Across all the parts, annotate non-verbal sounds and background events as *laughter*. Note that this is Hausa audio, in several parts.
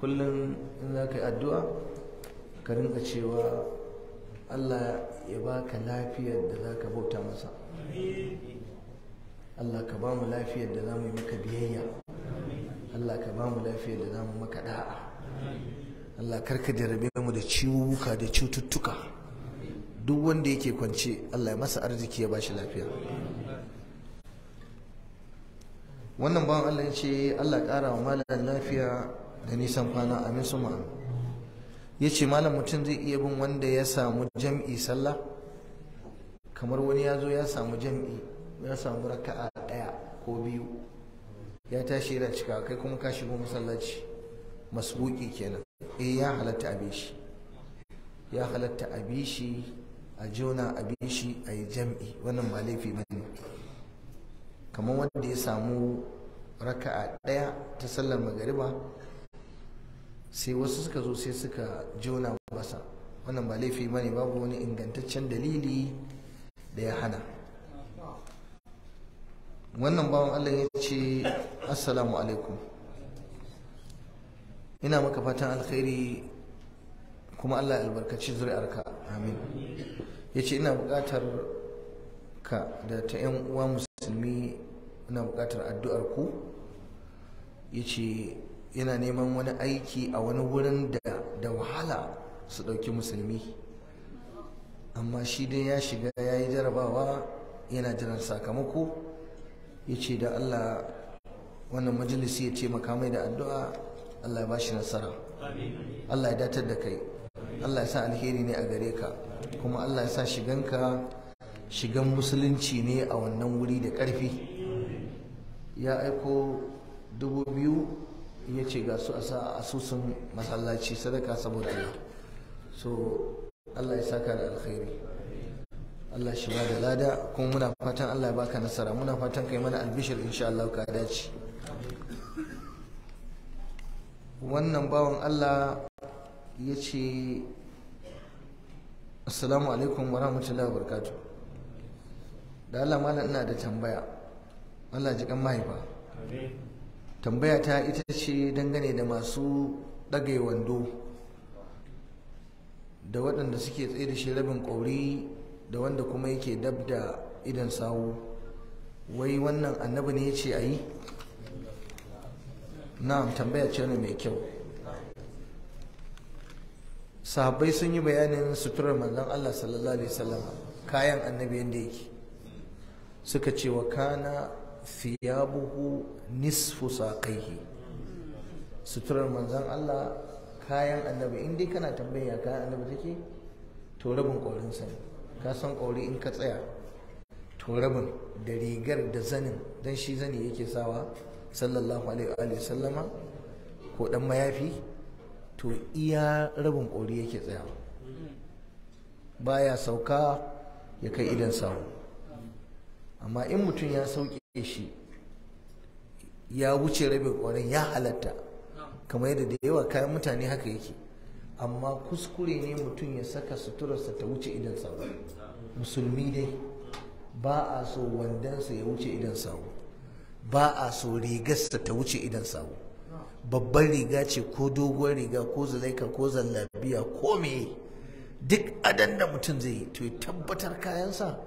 kullum in za ka yi addu'a ka rinka cewa Allah ya baka lafiyar da za ka bauta masa Allah ka ba mu lafiyar da za mu yi maka biyayya Allah ka ba mu lafiyar da za mu maka da'a Allah karka jarabe mu da ciwuka da cututtuka duk wanda yake kwance Allah ya masa arziki ya ba shi lafiya wannan bawan Allah ya ce Allah ƙara wa malam lafiya da nisan kwana amin su ma'am ya ce malam mutum zai iya bin wanda ya samu jam'i sallah kamar wani ya zo ya samu jam'i ya samu raka'a ɗaya ko biyu ya tashi yana cika kai kuma ka shigo masallaci masbuki kenan eh ya halatta a shi ya halatta a a jona a a yi jam'i wannan ba laifi ba ne kamar wanda ya samu raka'a ɗaya ta sallar magariba sai wasu suka zo sai suka jona masa wannan ba laifi ba ne babu wani ingantaccen dalili da ya hana wannan bawan Allah ya ce assalamu alaikum ina maka fatan alkhairi kuma Allah ya albarkaci zuri'arka amin ya ce ina bukatar ka da ta 'yan uwa musulmi ina bukatar addu'ar ku ya ce yana neman wani aiki a wani wurin da wahala su ɗauki musulmi amma shi dai ya shiga ya yi jarabawa yana jiran sakamako ya ce da Allah wannan majalisi ya ce makamai da addu'a Allah ya ba nasara Allah ya datar da kai Allah ya sa alheri ne a gare ka kuma Allah ya sa shiganka shigan musulunci ne a wannan wuri da ƙarfi ya aiko dubu biyu ya ce ga su a sa asusun masallaci sadaka saboda Allah so Allah ya saka da alkhairi Allah shi ba da lada kuma muna fatan Allah ya baka nasara muna fatan kai mana albishir insha Allah ka dace wannan bawan Allah ya ce assalamu alaikum wa rahmatullahi wa barakatuh da Allah malam ina da tambaya Allah ji kan mahaifa tambaya ta ita ce dangane da masu ɗage wando da waɗanda suke tsaye da shi rabin ƙauri da wanda kuma yake dab da idan sawu wai wannan annabi ne ce a yi na'am tambaya ce mai kyau sahabbai sun yi bayanin suturar manzon Allah sallallahu alaihi wasallam kayan annabi yanda yake suka ce wa kana thiyabuhu nisfu saqaihi suturar manzon Allah kayan annabi in dai kana tambaya kayan annabi take to rabin korin sa ka san ƙori in ka tsaya to rabin da rigar da zanin dan shi zani yake sawa sallallahu alaihi wa sallama ko dan mayafi to iya rabin ƙori yake tsaya baya sauka ya kai idan sawo amma in mutum ya sauke shi ya wuce rabin kwarin ya halatta kamar yadda da yawa kayan mutane haka yake amma kuskure ne mutum ya saka suturarsa ta wuce idan sawu musulmi dai ba a so wandansa ya wuce idan sawu ba a so rigarsa ta wuce idan sawu babban riga ce ko doguwar riga ko zalaika ko zallabiya ko me duk adan mutum zai yi to tabbatar kayansa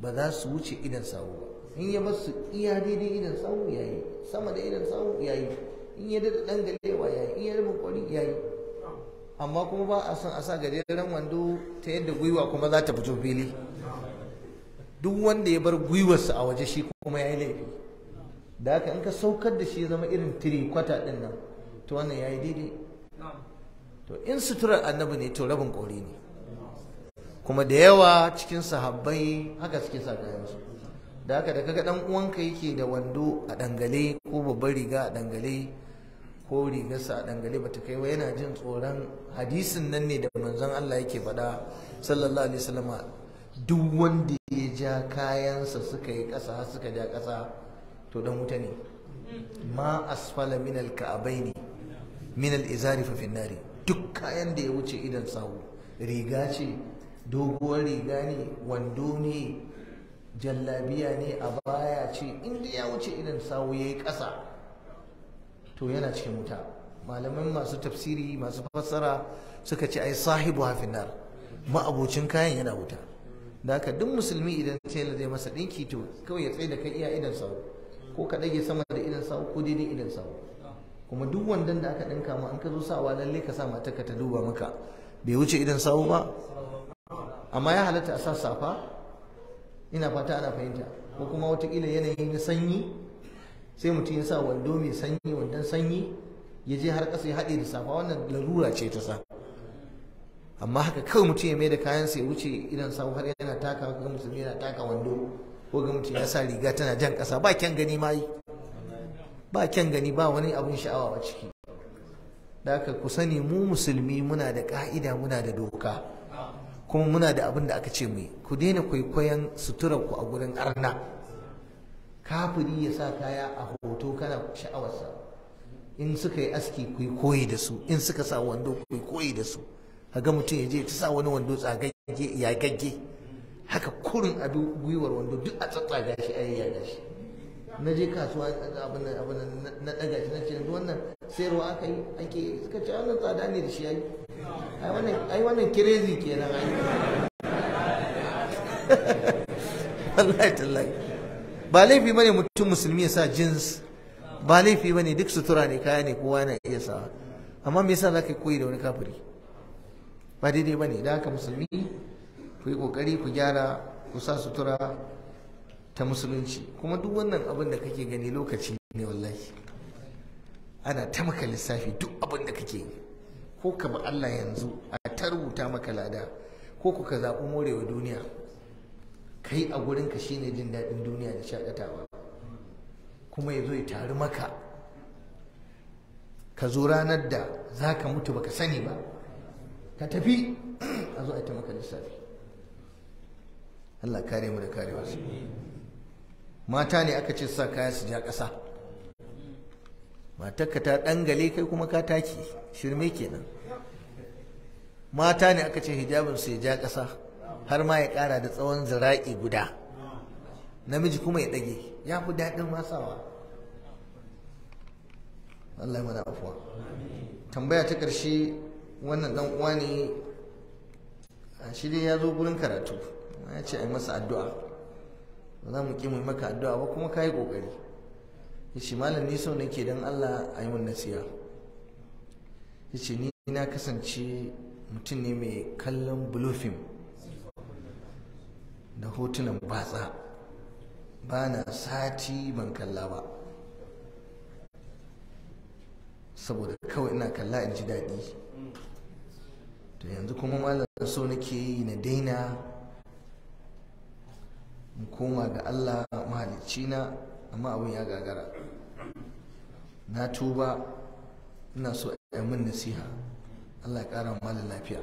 ba za su wuce idan sawu ba in ya basu iya daidai idan sawu yayi sama da idan sawu yayi in ya dada dan galewa yayi in ya dada kwari yayi amma kuma ba a son a sa gajeren wando ta yadda gwiwa kuma za ta fito fili duk wanda ya bar gwiwarsa a waje shi kuma ya yi laifi da haka in ka saukar da shi ya zama irin tiri kwata din nan to wannan ya yi daidai to in suturar annabi ne to rabin kori ne kuma da yawa cikin sahabbai haka suke sa su. da haka da kaga dan uwanka yake da wando a dangale ko babbar riga a dangale ko rigarsa a dangale bata kai wa yana jin tsoron hadisin nan ne da manzon Allah yake faɗa sallallahu alaihi wasallama duk wanda ya ja kayansa suka yi ƙasa suka ja ƙasa to dan wuta ne ma asfala min alka'abaini min alizari fa finnari duk kayan da ya wuce idan sahu riga ce doguwar riga ne wando ne jallabiya ne a baya ce inda ya wuce idan sawu ya yi ƙasa to yana cikin wuta malaman masu tafsiri masu fassara suka ce ai sahibu hafinar ma'abocin kayan yana wuta da haka duk musulmi idan tela zai masa ɗinki to kawai ya tsaye da kai iya idan sawu ko ka ɗage sama da idan sawu ko daidai idan sawu kuma duk wandan da aka ɗinka ma an ka zo sawa lallai ka sa mata ka ta duba maka bai wuce idan sawu ba amma ya halatta a sa safa ina fata ana fahimta ko kuma watakila yanayi na sanyi sai mutum ya sa wando mai sanyi wandon sanyi ya je har ƙasa ya haɗe da safa wannan larura ce ta sa amma haka kawai mutum ya mai da kayan sai wuce idan sawu har yana taka ga mutum yana taka wando ko ga mutum ya sa riga tana jan ƙasa ba kyan gani ma ba kyan gani ba wani abin sha'awa a ciki da haka ku sani mu musulmi muna da ƙa'ida muna da doka kuma muna da abin da aka ce mu ku daina kwaikwayon suturar ku a gurin arna kafiri ya sa kaya a hoto kana sha'awarsa in suka yi aski ku yi koyi da su in suka sa wando ku koyi da su ga mutum ya je ta sa wani wando tsagagge ya gagge haka kurin abu gwiwar wando duk a tsatsaga shi a gashi. na je kasuwa abin abin na daga shi na ce yanzu wannan sayarwa aka yi ake suka ce wannan tsada ne da shi ai yi, wannan ai wannan kirezi kenan ai *laughs* wallahi tallahi ba laifi bane mutum musulmi ya sa jins ba laifi bane duk sutura ne kaya ne kowa na iya sa amma me yasa zaka koyi da wani kafiri ba daidai bane da haka musulmi ku yi kokari ku gyara ku sa sutura ta musulunci kuma duk wannan abin da kake gani lokaci ne wallahi ana ta maka lissafi duk abin da kake yi ko ka bi Allah yanzu a ta rubuta maka lada ko ku ka zaɓi morewa duniya kai a gurin ka shine jin daɗin duniya da shaƙatawa kuma ya zo ya taru maka ka zo ranar da za ka mutu baka sani ba ka tafi *clears throat* a zo a ta maka lissafi Allah kare mu da kare wasu. mata ne aka ce sa kaya su ja ƙasa matarka ta ɗangale kai kuma ka taki shirme kenan mata ne aka ce hijabin su ya ja ƙasa har ma ya ƙara da tsawon zira'i guda namiji kuma ya dage, ya fi daɗin masawa Allah mana afuwa tambaya ta ƙarshe wannan ɗan uwa ne shi dai ya zo gurin karatu ya ce a yi masa addu'a ba za mu ƙi mu maka addu'a ba kuma ka yi ƙoƙari ya ce malam ni so nake don Allah a yi min nasiya ya ce ni na kasance mutum ne mai kallon bulofin da hotunan batsa ba na sati ban kalla ba saboda kawai ina kalla in ji daɗi to yanzu kuma malam so nake yi na daina in koma ga Allah mahalicci na amma abin ya gagara na tuba ina so a min nasiha Allah ya kara mu lafiya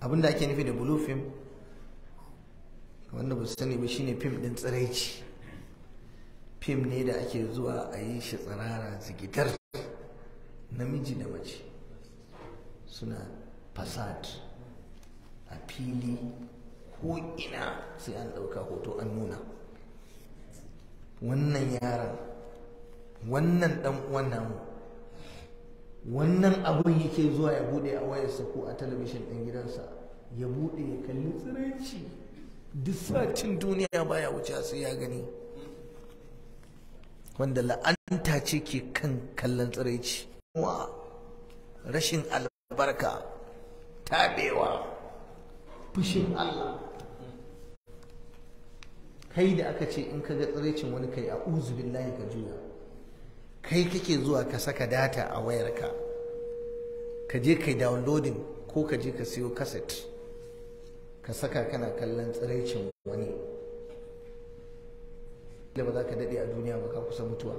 abinda ake nufi da blue film wanda ba su sani ba shine fim din tsiraici fim ne da ake zuwa a yi shi tsirara zigitar namiji da mace suna fasad a fili ko ina sai an ɗauka hoto an nuna wannan yaron wannan ɗan uwan namu wannan abin yake zuwa ya bude a wayarsa ko a talabishin ɗin gidansa ya bude ya kalli tsiranci duk sacin duniya baya wuce sai ya gani wanda la'anta ce ke kan kallon tsiraici wa rashin albarka tabewa fushin Allah kai da aka ce in ka ga tsiraicin wani kai a layi ka juya kai kake zuwa ka saka data a wayarka ka je kai downloading ko ka je ka siyo kaset ka saka kana kallon tsiricin wani da ba za ka daɗe a duniya ba ka kusa mutuwa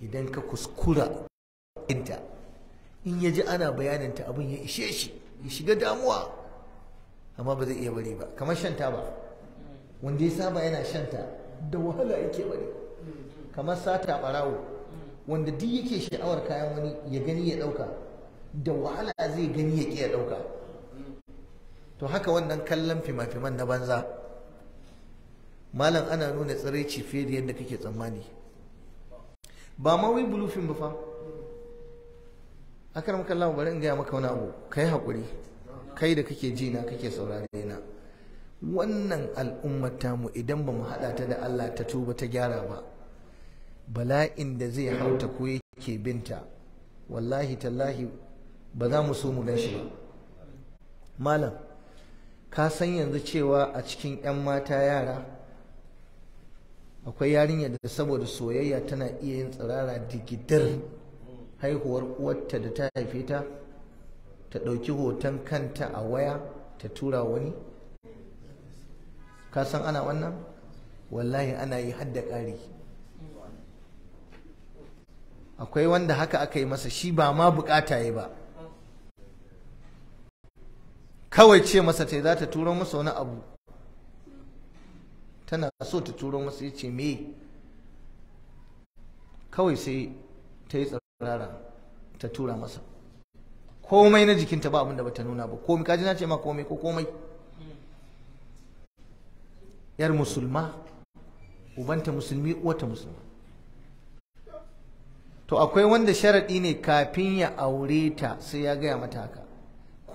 idan ka kuskura inta in ya ji ana bayaninta abin ya ishe shi ya shiga damuwa amma ba zai iya bari ba kamar shan taba wanda ya saba yana shanta da wahala yake bari kamar sata barawo wanda duk yake sha'awar kayan wani ya gani ya dauka da wahala zai gani ya ki ya dauka to haka wannan kallon fima-fiman na banza malam ana nuna tsiraici fiye da yadda kake tsammani ba ma wai bulufin ba fa akar maka bari in gaya maka wani abu kai hakuri kai da kake jina na kake saurari na wannan al'ummatamu mu idan ba mu haɗa ta da Allah ta tuba ta gyara ba bala'in da zai hauta ko yake binta wallahi tallahi ba za mu so mu gan shi ba malam ka san yanzu cewa a cikin 'yan mata yara akwai yarinya da saboda soyayya tana iya yin tsirara digidar haihuwar uwarta da ta haife ta ta ɗauki hoton kanta a waya ta tura wani ka san ana wannan wallahi ana yi hadda ƙari akwai wanda haka aka yi masa shi ba ma bukata yi ba kawai ce masa ta za ta turo masa wani abu tana so ta turo masa ya ce me kawai sai ta yi tsarara ta tura masa komai na jikinta ba abinda bata nuna ba komai kaji na ce ma komai ko komai yar musulma ubanta musulmi uwata musulma to akwai wanda sharaɗi ne kafin ya aure ta sai ya gaya mata haka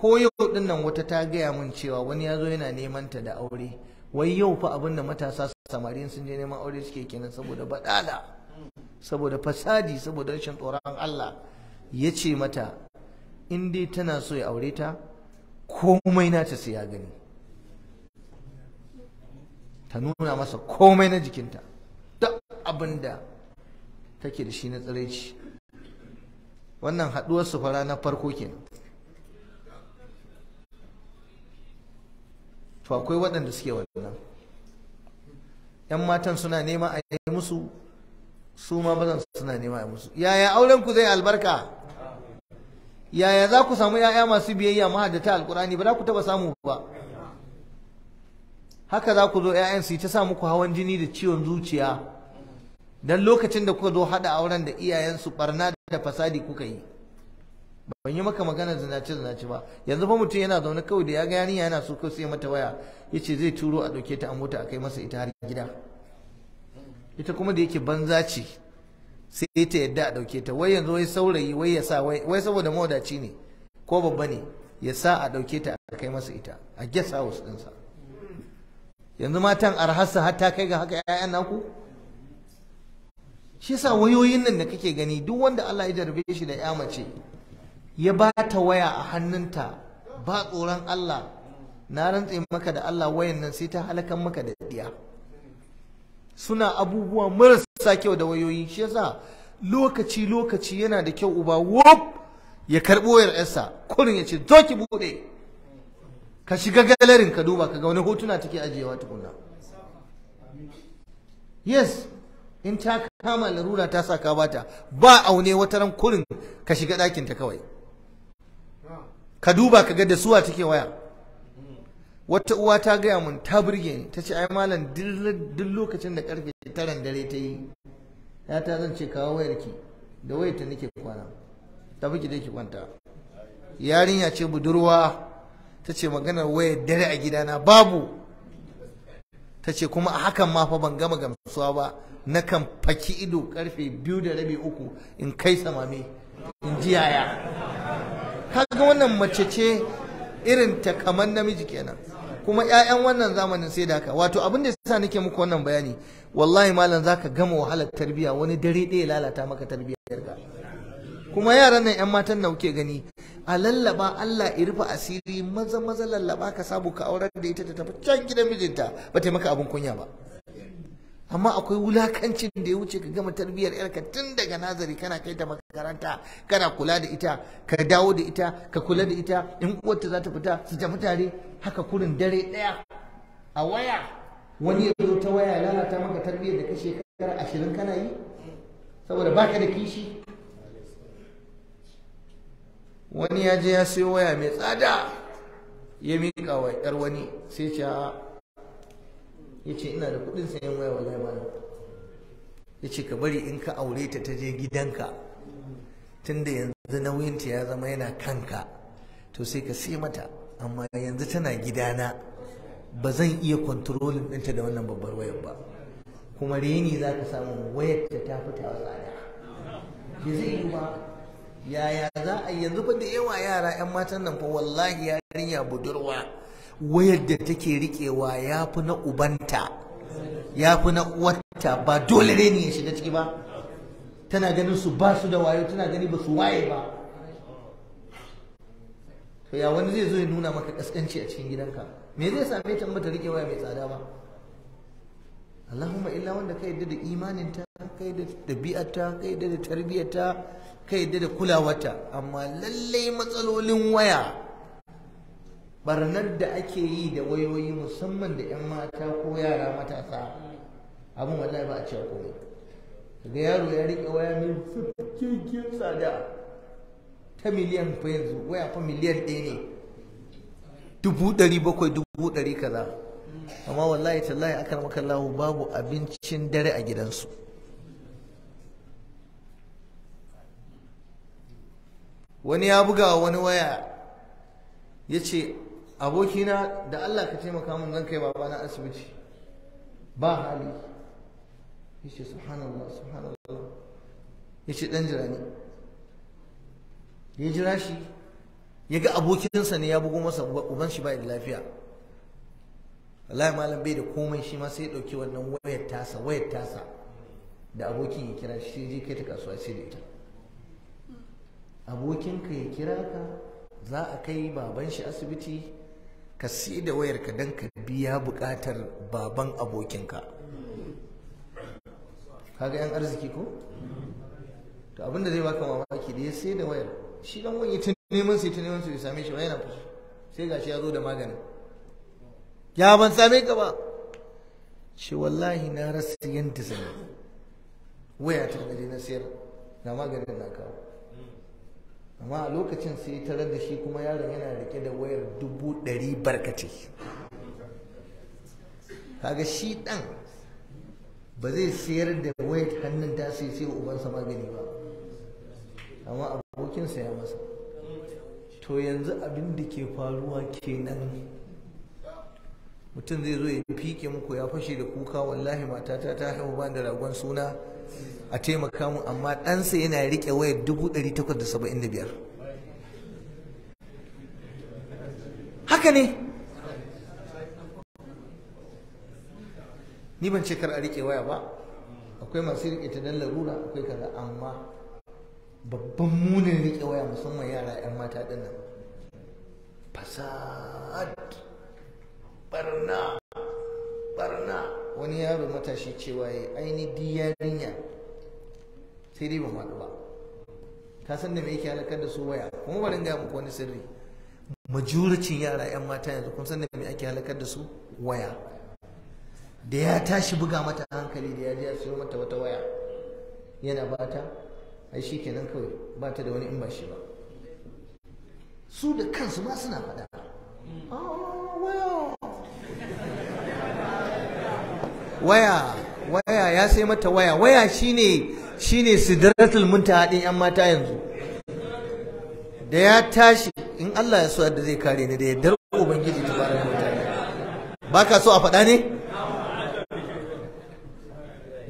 ko yau din wata ta gaya min cewa wani ya zo yana neman ta da aure wai yau fa abin da matasa samarin sun je neman aure suke kenan saboda badala saboda fasadi saboda rashin tsoron Allah ya ce mata in dai tana so ya aure ta komai nata sai ya gani ta nuna masa komai na jikinta duk abin da take da shi na tsiraici wannan haduwar su fara na farko kenan to akwai waɗanda suke wannan yan matan suna nema a yi musu su ma bazan suna nema a yi musu yaya auren ku zai albarka yaya za ku samu yaya masu biyayya mahadata alkurani ba za ku taba samu ba haka za ku zo 'ya'yan su ta sa muku hawan jini da ciwon zuciya don lokacin da kuka zo haɗa auren da iyayensu barna da fasadi kuka yi ban yi maka magana zinace zinace ba yanzu fa mutum yana zaune kawai da ya ga yarinya yana so kawai sai mata waya ya ce zai turo a ɗauke ta a mota a kai masa ita har gida ita kuma da yake banza ce sai ta yadda a ɗauke ta wai yanzu wai saurayi wai ya sa wai saboda mawadaci ne ko babba ne ya sa a ɗauke ta a kai masa ita a guest house ɗinsa yanzu matan arhasa har ta kai ga haka ƴaƴan naku shi yasa wayoyin nan da kake gani duk wanda Allah ya jarbe shi da ƴa mace ya ba ta waya a hannunta ba tsoron Allah na rantse maka da Allah wayan nan sai ta halakan maka da diya suna abubuwa marasa kyau da wayoyi shi yasa lokaci lokaci yana da kyau uba wop ya karɓo ƴarsa. kurin ya ce zo ki buɗe ka shiga galerin ka duba ka ga wani hotuna take ajiyewa tukuna yes in ta kama larura ta sa ka bata ba aune wata ran kurin ka shiga ɗakin ta kawai ka duba ka ga da suwa take waya wata uwa ta gaya mun ta burge ni ta ce ai malam duk lokacin da karfe taran dare ta yi ya ta zan ce kawo wayar ki da wayar ta nake kwana ta fi ki kwanta yarinya ce budurwa ta ce maganar wayar dare a gidana babu ta ce kuma a hakan ma fa ban gama gamsuwa ba na kan faki ido karfe biyu da rabi uku in kai samame in ji yaya kaga wannan mace ce irin ta kamar namiji kenan kuma 'ya'yan wannan zamanin sai da haka wato abin da yasa nake muku wannan bayani wallahi malam zaka gama wahalar tarbiyya wani dare ɗaya lalata maka tarbiyyar ka kuma yaran nan 'yan matan da kuke gani a lallaba Allah ya rufe asiri maza maza lallaba ka sabu ka aurar da ita ta tafi can gidan mijinta ba ta maka abin kunya ba amma akwai wulakancin da ya wuce ka gama tarbiyyar yarka tun daga nazari kana kai ta makaranta kana kula da ita ka dawo da ita ka kula da ita in uwarta za ta fita su tafi tare haka kurin dare daya a waya wani ya zo ta waya lalata maka tarbiyyar da ka shekara ashirin kana yi saboda baka da kishi wani ya je ya sayo waya mai tsada ya miƙa wa ƴar wani sai ce a ya ce ina da kuɗin sayan waya zai bani ya ce ka bari in ka aure ta ta je gidanka tunda yanzu nauyinta ya zama yana kanka to sai ka sai mata amma yanzu tana gidana ba zan iya kwantarolin ɗinta da wannan babbar wayar ba kuma reni za ka samu wayar ta ta fita tsada ba zai yi ba yaya za a yanzu fa da yawa yara yan matan nan fa wallahi yarinya budurwa wayar da take rikewa ya fi na ubanta ya fi na uwarta ba dole ne ne ya shiga ciki ba tana ganin su ba su da wayo tana gani ba su waye ba to ya wani zai zo ya nuna maka kaskanci a cikin gidanka me zai same ta mata rike waya mai tsada ba Allahumma illa wanda ka yadda da imaninta ka yadda da ɗabi'arta ka yadda da tarbiyyata. ka yadda da wata, amma lallai matsalolin waya barnar da ake yi da wayoyi musamman da 'yan mata ko yara matasa abin wallahi ba a cewa komai daga yaro ya riƙe waya mai cikakken tsada ta miliyan fa yanzu waya fa miliyan ɗaya ne dubu ɗari bakwai dubu ɗari kaza amma wallahi tallahi akan makallahu babu abincin dare a gidansu wani ya buga wani waya ya ce abokina da Allah ka taimaka mun zan kai babana asibiti ba hali ya ce subhanallah subhanallah ya ce dan jira ne ya jira shi ya ga abokinsa ne ya bugo masa uban shi ba da lafiya wallahi malam bai da komai shi ma sai ya dauki wannan wayar tasa wayar tasa da abokin ya kira shi je kai ta kasuwa sai da ita abokinka ya kira ka za a kai baban shi asibiti ka si da wayar ka don ka biya buƙatar baban abokinka kaga yan arziki ko to da zai baka mamaki da ya sai da wayar shi dan wani ta neman sai ta neman su ya same shi ba yana fushi sai gashi ya zo da magani. ya ban same ka ba shi wallahi na rasa yanta sani waya ta na sayar na maganin na kawo amma a lokacin sai ta tarar da shi kuma yaron yana rike da wayar dubu ɗari barkace kaga shi ɗan ba zai sayar da wayar hannun ta sai sai ubansa magani ba amma abokinsa ya masa to yanzu abin da ke faruwa kenan mutum zai zo ya fike muku ya fashe da kuka wallahi matata ta haihu ba da ragon suna a taimaka mu amma ɗansa yana riƙe waya dubu ɗari takwas da saba'in da biyar haka ne ni ban ce kar a riƙe waya ba akwai masu riƙe ta don larura akwai kaza amma babban munin riƙe waya musamman yara 'yan mata ɗin nan fasad barna wani yaro matashi cewa ya aini diyarinya sai dai ba faɗi ba ka san da me yake halakar da su waya kuma ba ga muku wani sirri majoricin yara yan mata yanzu kuma san da me ake halakar da su waya da ya tashi buga mata hankali da ya ji ya siyo mata wata waya yana bata ai shi kenan kawai ba ta da wani in ba shi ba su da kansu ma suna faɗa waya waya ya sai mata waya waya shine shine sidratul muntaha din yan mata yanzu da ya tashi in Allah ya so yadda zai kare ni da yaddar ubangiji tabaraka Ba baka so a faɗa ne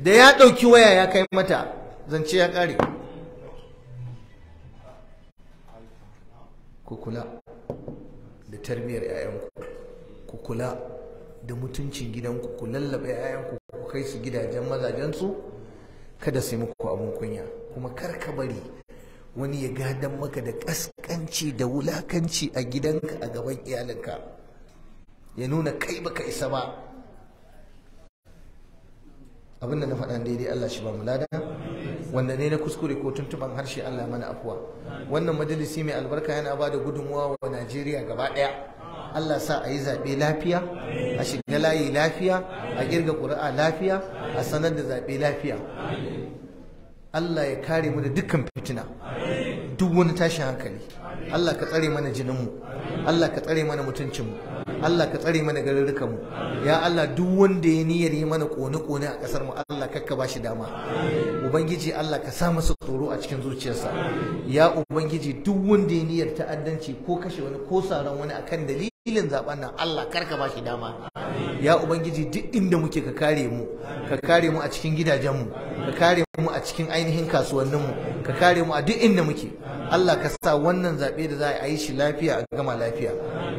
da ya ɗauki waya ya kai mata zance ya ƙare ku kula da tarbiyyar 'ya'yanku ku kula da mutuncin gidanku ku lallaba yayanku ku kai su gidajen mazajensu kada sai muku abin kunya kuma kar ka bari wani ya gadan maka da kaskanci da wulakanci a gidanka a gaban iyalinka ya nuna kai baka isa ba abinda na faɗa daidai Allah shi ba mu lada wanda ne na kuskure ko tuntuban harshe Allah mana afuwa wannan majalisi mai albarka yana ba da gudunmuwa wa Najeriya gaba ɗaya Allah sa a yi zaɓe lafiya a shiga layi lafiya a girga ƙuri'a lafiya a sanar da zaɓe lafiya Allah ya kare mu da dukkan fitina duk wani tashin hankali Allah ka tsare mana jininmu Allah ka tsare mana mutuncinmu Allah ka tsare mana garurrukanmu ya Allah duk wanda ya niyyar yi mana ƙone-ƙone a ƙasar mu Allah kakka ba shi dama ubangiji Allah ka sa masa tsoro a cikin zuciyarsa ya ubangiji duk wanda ya niyyar ta'addanci ko kashe wani ko saran wani akan dalili ilin zaben nan Allah karka ba shi dama ya ubangiji duk inda muke ka kare mu ka kare mu a cikin gidajen mu, ka kare mu a cikin ainihin kasuwannin mu, ka kare mu a duk inda muke Allah ka sa wannan zaɓe da za a yi shi lafiya a gama lafiya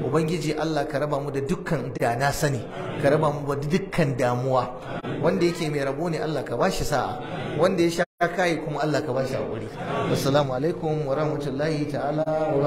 ubangiji Allah ka raba mu da dukkan da na sani ka raba mu da dukkan damuwa wanda yake mai rabo ne Allah ka bashi sa'a wanda ya sha kai kuma Allah ka bashi shi assalamu alaikum wa rahmatullahi ta'ala